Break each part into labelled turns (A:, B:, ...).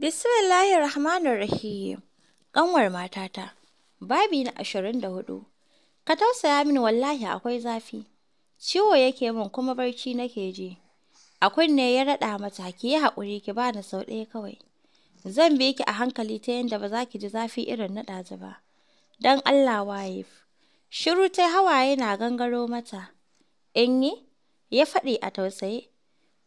A: Bismillahir Rahmanir Rahim. Ƙanwar matata, babi na ashirin da hudu. Ka tausaya min wallahi akwai zafi. Ciwo yake min kuma barci nake je A kunne ya raɗa mata ki yi haƙuri ki ba ni sau ɗaya kawai. Zan bi ki a hankali ta yadda ba za ki ji zafi irin na ɗazu ba. Don Allah waye. Shiru ta hawaye na gangaro mata. In yi? Ya faɗi a tausaye.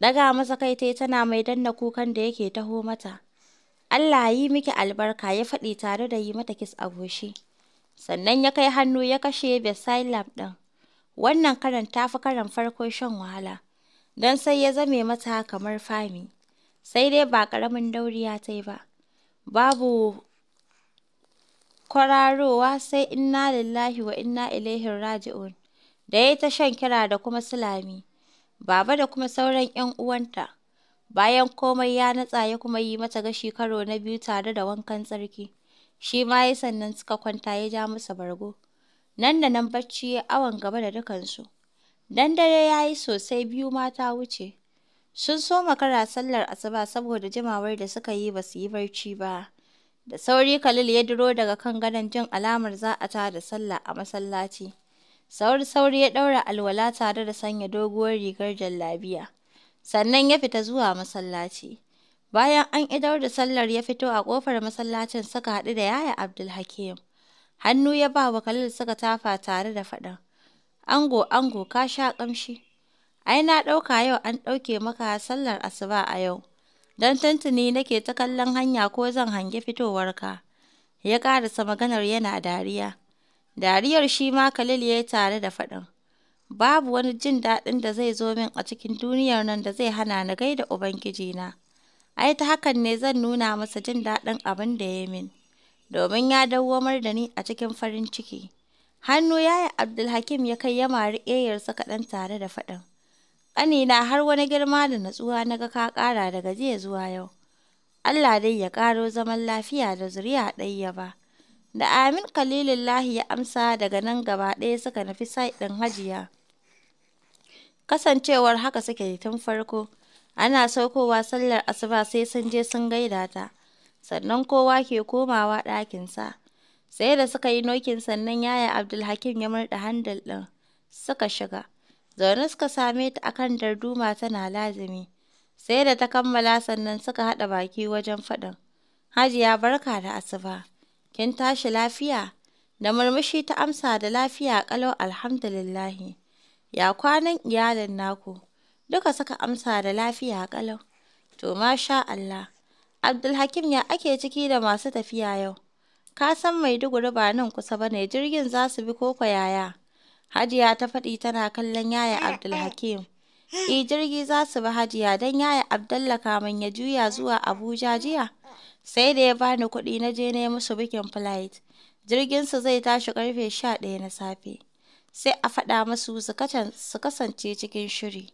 A: Daga masa kai tana mai danna kukan da yake taho mata. Allah yi miki albarka, ya faɗi tare da yi mata kis a goshi. Sannan ya kai hannu ya kashe Basil ɗin. Wannan karan ta fi karan farko shan wahala, don sai ya zame mata kamar fami. Sai dai ba ƙaramin dauriya ta yi ba. Babu kwararowa sai inna lillahi wa inna ilaihi raji'un. Da ya ta shan kira da kuma sulami. Baba da kuma sauran 'yan uwanta. Bayan komai ya natsa ya kuma yi mata gashi karo na biyu tare da wankan tsarki, shi ma ya sannan suka kwanta ya ja musu bargo. Nan da nan bacci ya awon gaba da dukansu. Dan dare ya yi sosai biyu mata wuce. Sun so makara sallar asuba saboda jimawar da suka yi ba su yi barci ba. Da sauri Khalil ya duro daga kan gadon jin alamar za a ta da sallah a masallaci. Sauri-sauri ya ɗaura alwala tare da sanya doguwar rigar jallabiya. sannan ya fita zuwa masallaci. Bayan an idar da sallar ya fito a ƙofar masallacin suka haɗu da yaya Abdulhakim. Hannu ya ba wa Khalil suka tafa tare da faɗin. Ango ango ka sha ƙamshi. Ai na ɗauka yau an ɗauke maka sallar asuba a yau. Don tuntuni nake ta kallon hanya ko zan hangi fitowarka. Ya ƙarasa maganar yana dariya. Dariyar shi ma Khalil ya yi tare da faɗin. Babu wani jin daɗin da zai zo min a cikin duniyar nan da zai hana ni gaida Ubangijina. Ai, ta hakan ne zan nuna masa jin daɗin abin da ya min, domin ya dawwamar da ni a cikin farin ciki. Hannu ya yi Abdulhakim ya kai ya mari ƙeyarsa kaɗan tare da faɗin. Ƙanina har wani girma da natsuwa na ga ka ƙara daga jiya zuwa yau. Allah dai ya ƙaro zaman lafiya da zuriya ya ba. Da amin kalilullahi ya amsa daga nan gaba ɗaya suka nufi sai ɗin hajiya. Kasancewar haka suke tun farko, ana saukowa sallar asuba sai sun je sun gaida ta, sannan kowa ke komawa ɗakinsa. Sai da suka yi nokin sannan Yaya Abdulhakim ya murɗa handal ɗin, suka shiga. Zaune suka same ta akan darduma tana lazimi. Sai da ta kammala sannan suka haɗa baki wajen faɗin. Hajiya barka da asuba. Kin tashi lafiya? Da murmushi ta amsa da lafiya ƙalau alhamdulillahi. “Ya kwanan iyalin naku?” duka suka amsa da “Lafiya ƙalau.” “To masha Allah, Abdulhakim ya ake ciki da masu tafiya yau? Ka san Maiduguri ba nan kusa ba ne jirgin za su bi koko, yaya?” Hajiya ta faɗi tana kallon Yaya Abdulhakim. “E, jirgi za su bi Hajiya don Yaya Abdallah kamin ya juya zuwa Abuja jiya, sai da ya bani kuɗi na je na musu bikin flight. Jirginsu zai tashi ƙarfe 11 na safe. sai a faɗa musu su kasance cikin shiri.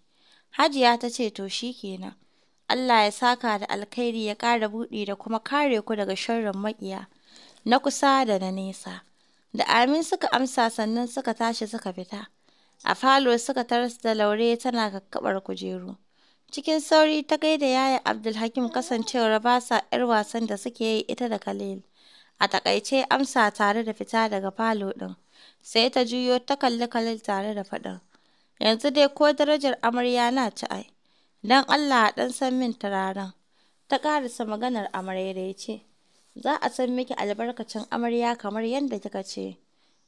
A: Hajiya ta ce to shi kenan. Allah ya saka da alkhairi ya ƙara buɗe da kuma kare ku daga sharrin maƙiya, na kusa da na nesa. Da amin suka amsa sannan suka tashi suka fita. A falo suka taras da laure tana kakkaɓar kujeru. Cikin sauri ta gaida yaya Abdulhakim kasancewar ba sa 'yar wasan da suke yi ita da Khalil. A takaice amsa tare da fita daga falo ɗin. Sai ta juyo ta kalli Khalil tare da faɗin, yanzu dai ko darajar amarya na ci ai, don Allah a ɗan san min turaren. Ta ƙarasa maganar yace za a san miki albarkacin amarya kamar yadda kika ce,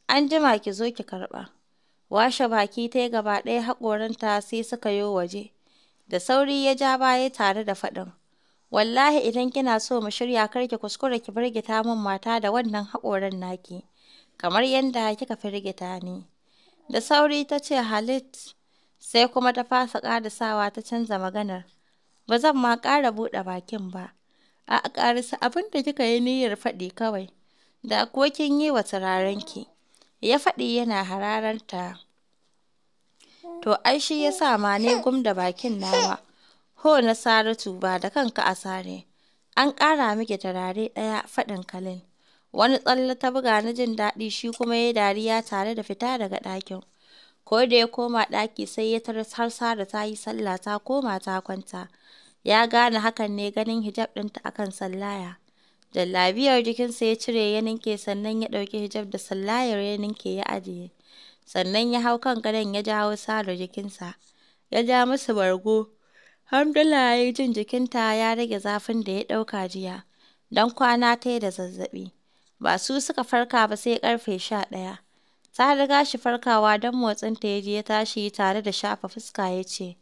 A: an jima ki zo ki karɓa. Washe baki ta gaba ɗaya haƙoranta sai suka yo waje, da sauri ya ja baya tare da faɗin. wallahi idan kina so mu shirya kar ki kuskura ki birgita min mata da wannan haƙoran naki kamar yadda kika firgita ni. Da sauri ta ce Halit, sai kuma ta fasa sawa ta canza maganar. Ba zan ma ƙara buɗe bakin ba. A ƙarisa abin da kika yi niyyar faɗi kawai, da kuwa kin yi wa turarenki. Ya faɗi yana hararanta. To ai shi ya sa ma ne gum da bakin nawa. Ho na Saratu ba da kanka a sare. An ƙara miki turare ɗaya faɗin Kalin. Wani tsalle ta buga na jin daɗi shi kuma ya dariya tare da fita daga ɗakin. Ko da ya koma ɗaki sai ya tarar har Sara ta yi sallah ta koma ta kwanta. Ya gane hakan ne ganin hijab ɗinta akan kan sallaya. Jallabiyar jikinsa ya cire ya ninke sannan ya ɗauki hijab da sallayar ya ninke ya ajiye. Sannan ya hau kan gadon ya jawo Sara jikinsa. Ya ja masa bargo. hamdala ya yi jin jikinta ya rage zafin da ya ɗauka jiya. Don kwana ta da zazzaɓi. Ba su suka farka ba sai karfe sha ɗaya. Ta riga shi farkawa don ta ya ji ya tashi tare da shafa fuska ya ce,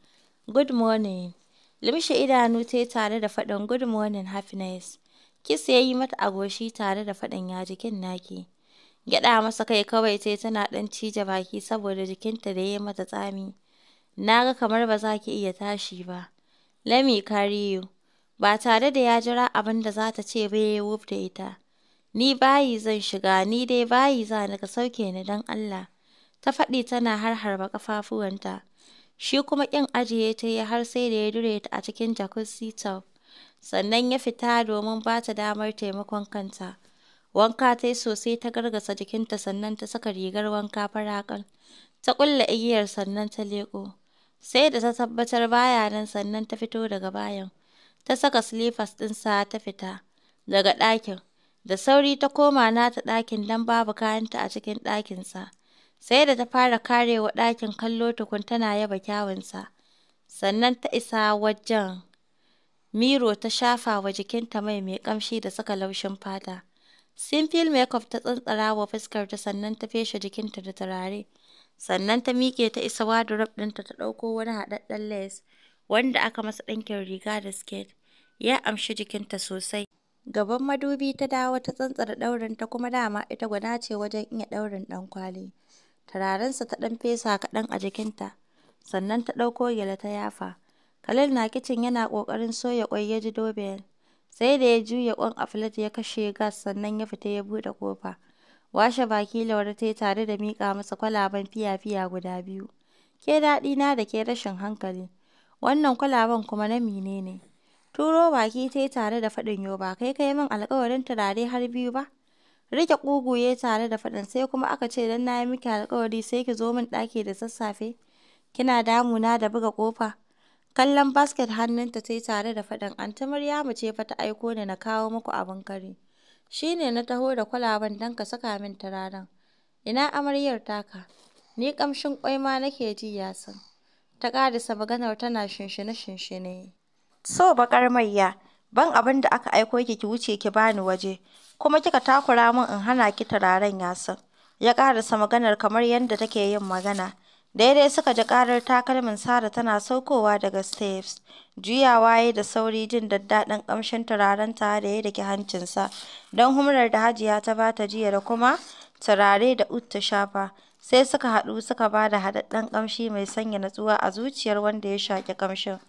A: Good morning. Limshe idanu ta tare da faɗin Good morning happiness. Kis ya yi mata agoshi tare da faɗin ya jikin naki. Gyaɗa masa kai kawai ta tana ɗan cije baki saboda jikinta da ya mata tsami. Na ga kamar ba za ki iya tashi ba. Lami kariyo. Ba tare da ya jira abin da za ta ce ba ya wuf da ita. Ni bayi zan shiga, ni dai bayi za ni, ka sauke ni don Allah,” ta faɗi tana harharba ƙafafuwanta, shi kuma ƙin ajiye ta yi har sai da ya dure ta a cikin jacuzzi ta sannan ya fita domin ba ta damar taimakon kanta. Wanka ta yi sosai ta gargasa jikinta sannan ta saka rigar wanka farakan ta ƙulla igiyar sannan ta leƙo. Sai da ta tabbatar baya nan sannan ta fito daga bayan. ta saka silifas ɗinsa ta fita daga ɗakin. Da sauri ta koma nata ɗakin don babu kayanta a cikin ɗakinsa. Sai da ta fara karewa ɗakin kallo tukun tana yaba kyawunsa. Sannan ta isa wajen Miro ta shafa wa jikinta mai mai ƙamshi da suka laushin fata. Simple makeup ta tsantsara wa ta sannan ta feshe jikinta da turare. Sannan ta miƙe ta isa wardrobe ɗinta ta ɗauko wani haɗaɗɗen lace wanda aka masa ɗinkin riga da skirt. Ya amshi jikinta sosai. Gaban madubi ta dawo ta tsantsar ta kuma dama ita guda ce wajen iya ɗaurin ɗankwali. Turarensa ta ɗan fesa kaɗan a jikinta, sannan ta ɗauko gyale ta yafa. Khalil na kicin yana ƙoƙarin soya ƙwai ya ji doorbell. Sai da ya juya ƙwan a flat ya kashe gas sannan ya fita ya buɗe kofa Washe baki laura ta yi tare da miƙa masa kwalaban fiya-fiya guda biyu. Ke daɗi na da ke rashin hankali. Wannan kwalaban kuma na mine ne? Turo baki ta yi tare da faɗin ba kai kai min alkawarin turare har biyu ba? Rike ƙugu ya tare da faɗin sai kuma aka ce don na yi miki alkawari sai ki zo min ɗaki da sassafe. Kina damuna da buga ƙofa. Kallon basket hannunta ta yi tare da faɗin anti Maryamu ce fa ta aiko ni na kawo muku abin kari. Shi ne na taho da kwalaban don ka saka min turaren. Ina amaryar taka? Ni kamshin kwai ma nake ji ya san. Ta ƙarisa maganar tana shinshine-shinshine. So baƙar mayya, ban abin da aka aiko ki ki wuce ki bani waje, kuma kika takura min in hana ki turaren yasin. Ya ƙarasa maganar kamar yadda take yin magana. Daidai suka ji ƙarar takalmin Sara tana saukowa daga steps. Juyawa ya da sauri jin daddaɗin ƙamshin turaren ta da ya dake hancinsa, don humrar da Hajiya ta ba ta jiya da kuma turare da Ut ta shafa. Sai suka haɗu suka ba da haɗaɗɗen ƙamshi mai sanya natsuwa a zuciyar wanda ya shaƙi ƙamshin.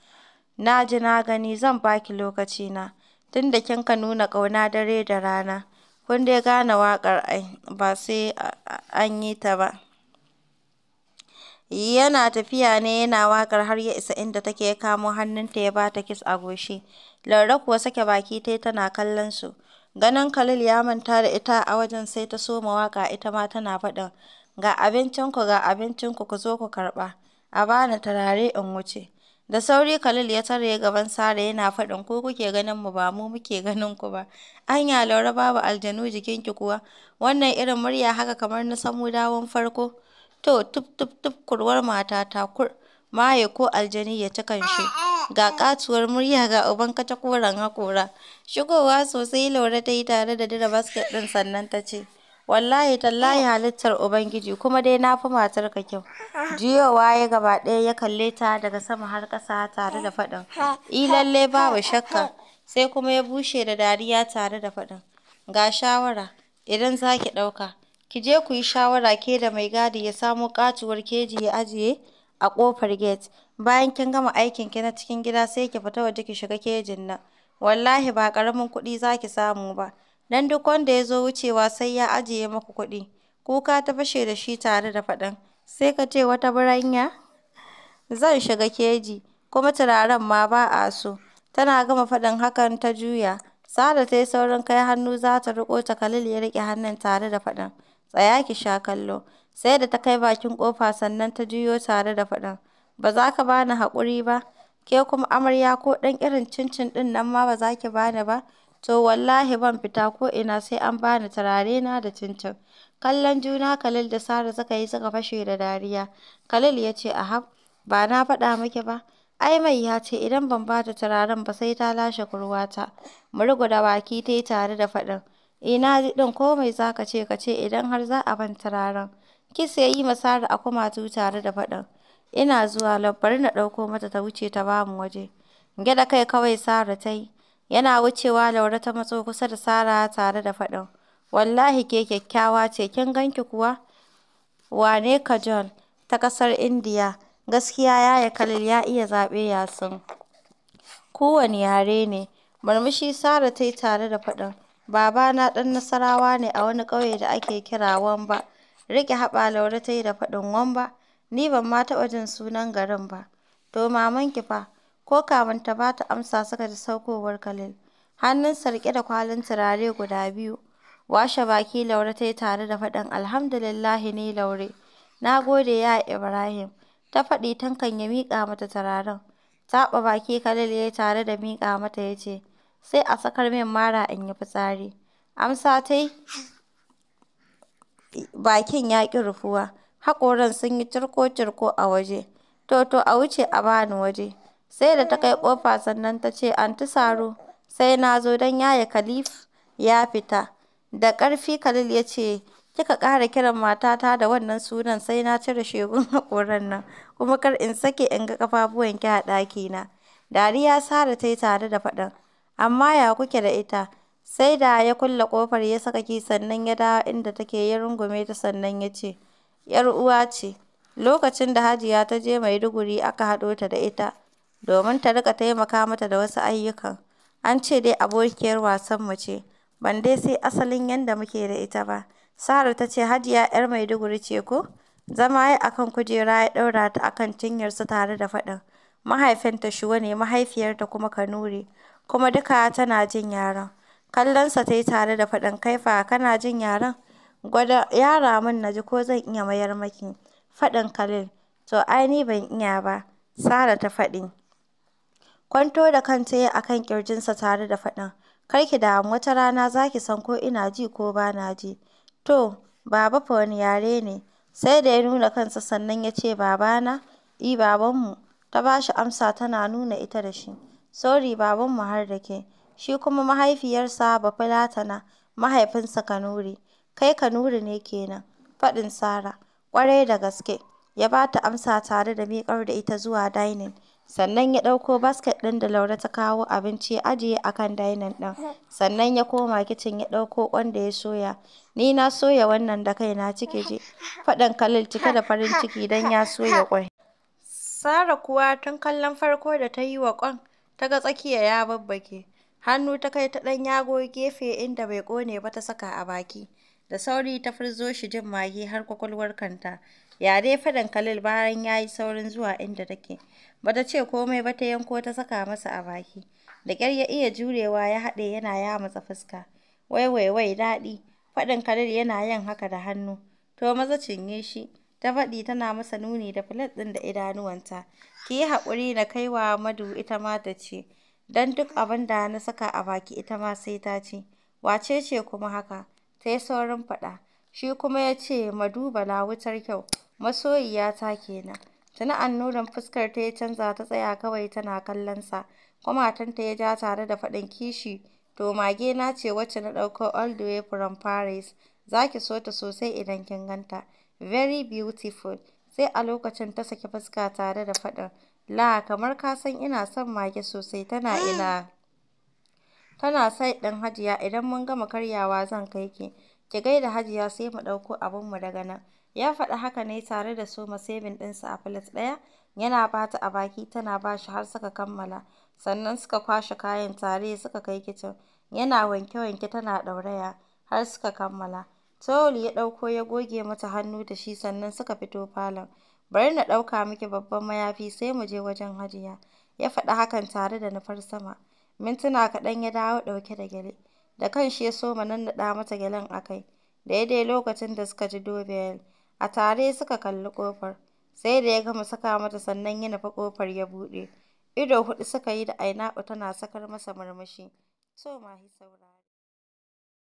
A: Na ji na gani, zan ba ki lokacina, tunda Tunda kin ka nuna ƙauna dare da rana, kun dai gane waƙar ai, ba sai an yi ta ba. Yana tafiya ne yana waƙar har ya isa inda take ya kamo hannunta ya ba ta kis a goshi, laura kuwa sake baki ta yi tana kallon su. Ganin Khalil ya manta da ita a wajen sai ta soma waƙa ita ma tana faɗin, ga abincinku ga abincinku ku zo ku karɓa, a bani tarare turare in wuce. Da sauri Khalil ya tare gaban Sara yana faɗin ko kuke ganin mu ba mu muke ganin ku ba. Anya Laura babu aljanu jikin ki kuwa. Wannan irin murya haka kamar na samu dawon farko. To tup tup tup kurwar mata ta kur. Maye ko aljani ya ci kanshi. Ga katuwar murya ga uban kata hakora. Shigowa sosai Laura ta yi tare da dira basket ɗin sannan ta ce. Wallahi tallahi oh. halittar Ubangiji kuma dai na fi matarka kyau. Jiyowa ya gaba ɗaya ya kalle ta daga sama har ƙasa tare da faɗin. I lalle babu shakka. Sai kuma ya bushe da dariya tare da faɗin. Ga shawara, idan za ki ɗauka, ki je ku yi shawara ke da mai gadi ya samo ƙatuwar keji ya ajiye a ƙofar gate. Bayan kin gama aikin ki na cikin gida sai ki fita waje ki shiga kejin nan. Wallahi ba ƙaramin kuɗi za ki samu ba. Nan duk wanda ya zo wucewa sai ya ajiye maku kuɗi. Kuka ta fashe da shi tare da faɗin, sai ka ce wata buranya Zan shiga keji, kuma turaren ma ba a so. Tana gama faɗin hakan ta juya. Sada ta yi saurin kai hannu za ta riƙo ta Khalil ya riƙe hannun tare da faɗin, tsaya ki sha kallo. Sai da ta kai bakin kofa sannan ta juyo tare da faɗin, ba za ka bani haƙuri ba? Ke kuma amarya ko ɗan irin cincin ɗin nan ma ba za ki bani ba? to wallahi ban fita ko'ina sai an bani turarena da cincin. Kallon juna Khalil da Sara suka yi suka fashe da dariya. Khalil ya ce ahab, ba na faɗa miki ba. Ai mai ya ce idan ban ba ta turaren ba sai ta lashe kurwata. Murgu da baki ta yi tare da faɗin. Ina ji ɗin komai za ka ce ka ce idan har za a ban turaren. Kis ya yi masara a kumatu tare da faɗin. Ina zuwa labbar na ɗauko mata ta wuce ta bamu waje. Gyaɗa kai kawai Sara ta yi. Yana wucewa, Laure ta matso kusa da sara tare da faɗin, "Wallahi ke kyakkyawa ce, kin ganki kuwa? Wane ka John, ta ƙasar Indiya, gaskiya yaya kalil ya iya zaɓe Yasin. Kowane yare ne." Murmushi sara ta yi tare da faɗin, "Babana ɗan Nasarawa ne a wani ƙauye da ake kira Wamba." Riƙe haɓa Laure ta yi da faɗin, "Wamba? Ni ban ma taɓa jin sunan garin ba." "To mamanki fa?" ko kafin ta ba ta amsa suka ji saukowar Khalil, Hannun sarƙe da kwalin turare guda biyu. Washe baki Laure ta yi tare da faɗin alhamdulillahi ne Laure, na gode ya Ibrahim, ta faɗi tankan ya miƙa mata turaren. Taɓa baki Khalil ya yi tare da miƙa mata ya ce, sai a sakar min mara in yi fitsari. Amsa ta yi, bakin ya ƙi rufuwa, haƙoran sun yi turko-turko a waje, to to a wuce a bani waje. Sai da ta kai ƙofa sannan ta ce, Anty Saro, sai na zo don Yaya Khalif ya fita. Da ƙarfi Khalil ya ce, kika ƙara kiran matata da wannan sunan sai na cire shegun haƙoran nan, kuma kar in sake in ga ƙafafuwanki a ɗakina. Dariya Sara ta yi tare da faɗan amma ya kuke da ita? Sai da ya kulle ƙofar ya saka ki sannan ya dawo inda take ya rungume ta sannan ya ce, ‘yar uwa ce. Lokacin da Hajiya ta je Maiduguri aka haɗo ta da ita. domin ta riƙa taimaka mata da wasu ayyukan. An ce dai abokiyar mu ce, ban dai sai asalin yadda muke da ita ba. Sarah ta ce Hajiya 'yar Maiduguri ce ko? Zama ya yi kujera ya ɗaura ta akan cinyar cinyarsa tare da faɗin, mahaifinta Shuwa ne mahaifiyarta kuma Kanuri, kuma duka tana jin yaren. Kallonsa ta yi tare da faɗin kai fa kana jin yaren? Gwada yara min na ji ko zan iya mayar maki. Faɗin Khalil, to ai ni ban iya ba, Sarah ta faɗi. Kwanto da kan ya yi a kan ƙirjinsa tare da faɗin, "Kar ki damu, wata rana za ki san ko ina ji ko ba na ji. To, Baba fa wani yare ne?" Sai da ya nuna kansa sannan ya ce, "Babana?" "I, Babanmu," ta ba shi amsa tana nuna ita da shi. "Sorry, Babanmu har da ke." Shi kuma mahaifiyarsa Bafulatana, mahaifinsa Kanuri. "Kai Kanuri ne kenan faɗin sara "Ƙwarai da gaske," ya ba ta amsa tare da miƙar da ita zuwa dining. Sannan ya ɗauko basket ɗin da laura ta kawo abinci ya ajiye a kan dainin ɗin, sannan ya koma kicin ya ɗauko ƙwan da ya soya. Ni na soya wannan da kaina ciki ji, faɗin Khalil cike da farin ciki don ya soya ƙwai. Sara kuwa tun kallon farko da ta yi wa ƙwan, ta ga tsakiya ya babbake. Hannu ta kai ta ɗan yago gefe inda bai ƙone ba ta saka a baki. Da sauri ta furzo shi jin mage har kwakwalwar kanta. Ya dai faɗin kalil bayan ya yi saurin zuwa inda take. Bata ce komai ba ta yanko ta saka masa a baki. Da ƙyar ya iya jurewa ya haɗe yana yamatsa fuska. Wai wai wai daɗi. Faɗin kalil yana yin haka da hannu. To maza cinye shi. Ta faɗi tana masa nuni da fulat ɗin da idanuwanta. Ki yi haƙuri na kai wa Madu ita ma ta ce. Don duk abin da na saka a baki ita ma sai ta ce. Wace ce kuma haka? ta yi saurin faɗa, shi kuma ya ce na wutar kyau, masoyiyata kenan. Tuni fuskar ta ya canza ta tsaya kawai tana kallon sa, kumatanta ya ja tare da faɗin kishi, to mage na ce wacce na ɗauko all the way from Paris, za ki so ta sosai idan kin ganta, very beautiful. Sai a lokacin ta saki fuska tare da faɗin, la kamar ka san ina son mage sosai tana ina. Tana side ɗin Hajiya, idan mun gama karyawa zan kai ki, ki gaida Hajiya sai mu ɗauko mu daga nan. Ya faɗi haka ne tare da su ma saving ɗinsa a filet ɗaya, yana bata a baki tana bashi har suka kammala. Sannan suka kwashe kayan tare suka kai kicin, yana wanke-wanke tana ɗauraya, har suka kammala. Tawul ya ɗauko ya goge mata hannu da shi sannan suka fito falon. Bari na ɗauka miki babban mayafi sai mu je wajen Hajiya. Ya faɗi hakan tare da nufar sama. Mintuna kaɗan ya dawo ɗauke da gyale, da kanshi ya soma nannaɗa mata gyalen a kai, daidai lokacin da suka ji doorbell. A tare suka kalli ƙofar, sai da ya gama saka mata sannan ya nufi ƙofar ya buɗe. Ido huɗu suka yi da aina tana sakar masa murmushi. So ma hi